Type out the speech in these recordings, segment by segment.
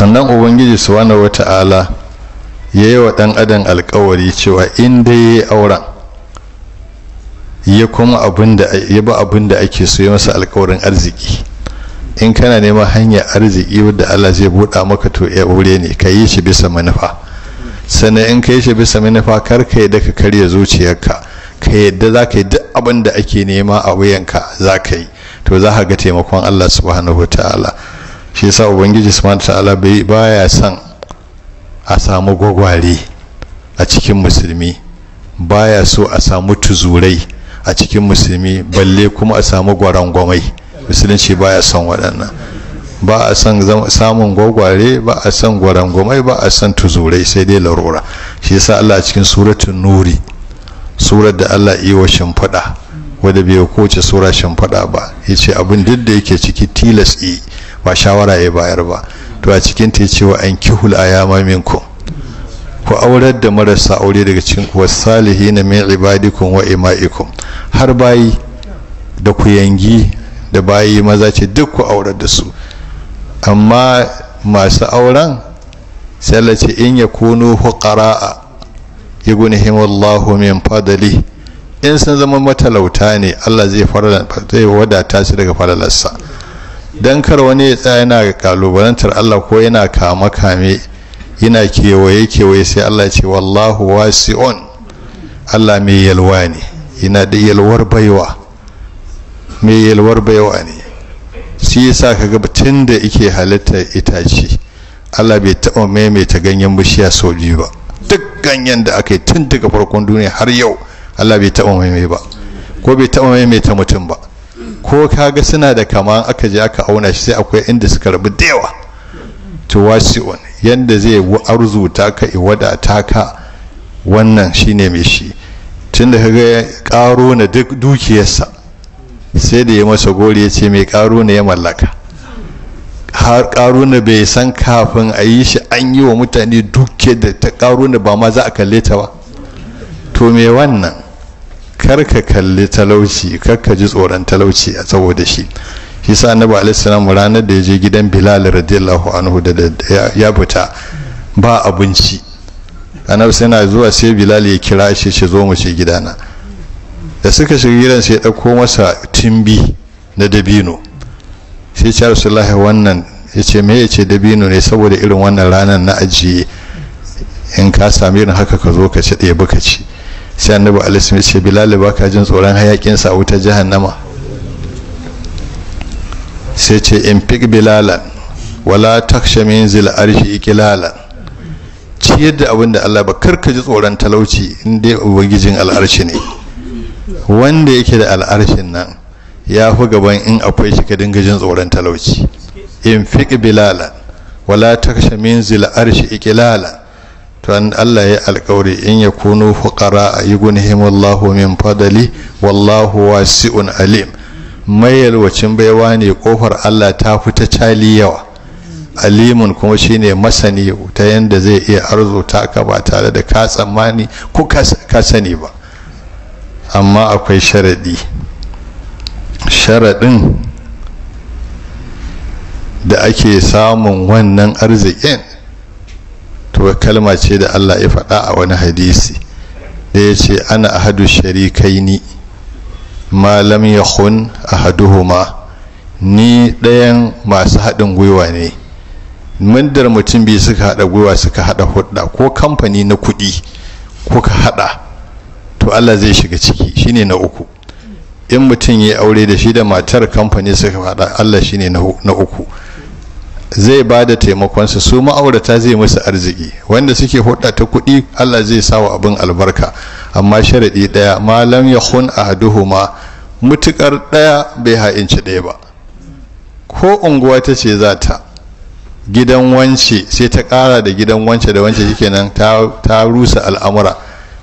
sannan ubangiji wani wata'ala ya yi wa ɗan adam alkawari cewa in dai ya yi auren ya kuma da ya ba abin da ake so ya masa alkawarin arziki in kana neman hanyar arziki wadda Allah zai buɗa maka to ya aure ne ka yi shi bisa manufa sannan in ka yi shi bisa manufa kar ka yadda ka karya zuciyarka ka yadda za ka yi duk abin da ake nema a wuyanka za ka yi to za ka ga taimakon Allah subhanahu wa ta'ala shi yasa ubangiji subhanahu ta'ala bai baya san a samu gwagware a cikin musulmi baya so a samu tuzurai a cikin musulmi balle kuma a samu gwarangwamai musulunci baya son waɗannan ba a son samun gwagware ba a son gwarangwamai ba a son tuzurai sai dai larura shi yasa Allah cikin suratun nuri surar da Allah iya wa shimfiɗa wadda bai kowace sura faɗa ba ya ce abin duk da yake ciki tilas yi ba shawara ya bayar ba to a cikin ta ce wa an kihul a yama minku ku aurar da marasa aure daga cikin ku salihi na min ibadikum wa ima'ikum har bayi da ku yangi da bayi maza ce duk ku aurar da su amma masu auren sai ce in ya kunu ya yughnihim wallahu min fadlihi in sun zama matalauta ne Allah zai wadata su daga falalarsa don kar wani ya tsaya yana kalubalantar Allah ko yana kama kame yana kewaye kewaye sai Allah ce wallahu wasi'un Allah mai yalwa ne yana da yalwar baiwa mai yalwar baiwa ne shi yasa kaga tun da yake halitta itace Allah bai taɓa maimaita ganyen bishiya sau biyu ba duk ganyen da aka yi tun daga farkon duniya har yau Allah bai taɓa maimai ba ko bai taɓa maimaita mutum ba ko ga suna da kama aka je aka auna shi sai akwai inda suka rabu da yawa to wasi'un yanda zai ta ka ta ka wannan shine mai shi tunda kaga karo na dukiyarsa sai da ya masa gori ya ce mai karo na ya mallaka har karuna bai san kafin a yi shi an yi wa mutane dukiyar da ta na ba ma za a kalle ta ba to me wannan kar ka kalli talauci kar ka ji tsoron talauci a saboda shi shi sa annabi salam ranar da ya je gidan bilal radiyallahu anhu da ya fita ba abinci annabi sai na zuwa sai bilal ya kira shi shi zo mu shi gidana da suka shiga gidan sai ya ɗauko masa timbi na dabino sai ce wannan ya ce me ya ce dabino ne saboda irin wannan ranar na ajiye in ka sami irin haka ka zo ka ci ɗaya ka ci sai annabi alisim ya ce bilal ba ka jin tsoron hayakin sa wuta jahannama sai ce in fik bilalan wala taksha min zil arshi ikilalan ciyar da abin da Allah ba karka ji tsoron talauci in dai ubangijin al'arshi ne wanda yake da al'arshin nan ya fi gaban in akwai shi ka dinga jin tsoron talauci in fiƙi bilala wala taksha min zil arshi ikilalan san Allah ya alkawari in ya kunu fuƙara a yi gunhimullahu min fadali wallahu wasi'un alim mai yalwacin baiwa ne kofar Allah ta fita cali yawa alimun kuma shine masani ta yadda zai iya ta ka ba tare da ka tsammani ko ka sani ba amma akwai sharaɗi sharaɗin da ake samun wannan arzikin wato kalma ce da Allah ya faɗa a wani hadisi da ya ce ana ahadu ya ma a yakhun ahaduhuma ni ɗayan masu haɗin gwiwa ne mandar mutum biyu suka haɗa gwiwa suka haɗa hudda ko kamfani na kuɗi ko ka haɗa to Allah zai shiga ciki shine na uku in mutum ya aure da shi da matar kamfani suka haɗa Allah shine na uku zai ba da taimakonsa su ma'aurata zai musu arziki wanda suke hudda ta kuɗi Allah zai sawa abin albarka amma sharaɗi ɗaya malam ya hun ahaduhuma mutukar ɗaya bai ha'inci ɗaya ba ko unguwa ta ce za ta gidan wance sai ta ƙara da gidan wance da wance shikenan ta rusa al'amura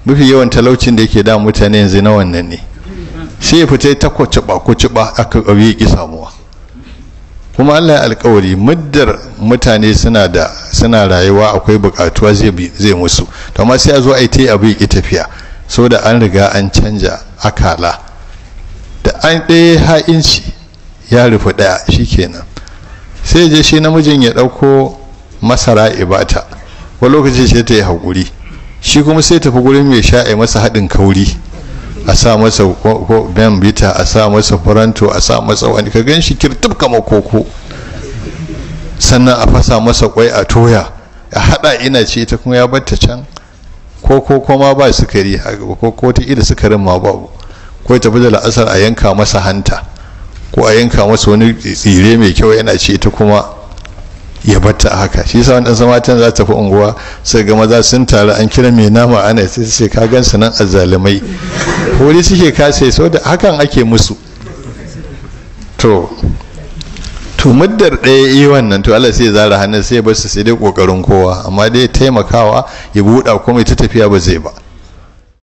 mafi yawan talaucin da yake da mutane yanzu na wannan ne sai ya fita ta ba a aka ƙauye ki samuwa kuma Allah ya alƙawari muddar mutane suna da suna rayuwa akwai buƙatuwa zai zai musu to amma sai a zo ai tai abu ki tafiya da an riga an canja akala da an ɗaya ha'inci ya rufe ɗaya shi kenan sai je shi namijin ya ɗauko masara ibata wani lokaci sai ta yi haƙuri shi kuma sai tafi gurin mai sha'ai masa haɗin kauri a sa masa ko ben bita a sa masa faranto a sa masa wani ka gan shi kamar koko sannan a fasa masa kwai a toya a hada ina ce ita kuma ya batta can ko ko ba sukari ko ko ta ida sukarin ma babu ko ta da la'asar a yanka masa hanta ko a yanka masa wani tsire mai kyau yana ce ita kuma ya batta haka shi yasa wanda zama can za ta fi unguwa sai ga maza sun taru an kira mai nama ana sai su ce ka gan su nan azzalumai wani suke kasa sau da hakan ake musu to to muddar ɗaya yi wannan to Allah sai zara hannun sai basu su sai dai kokarin kowa amma dai taimakawa ya buɗa kuma ta tafiya ba zai ba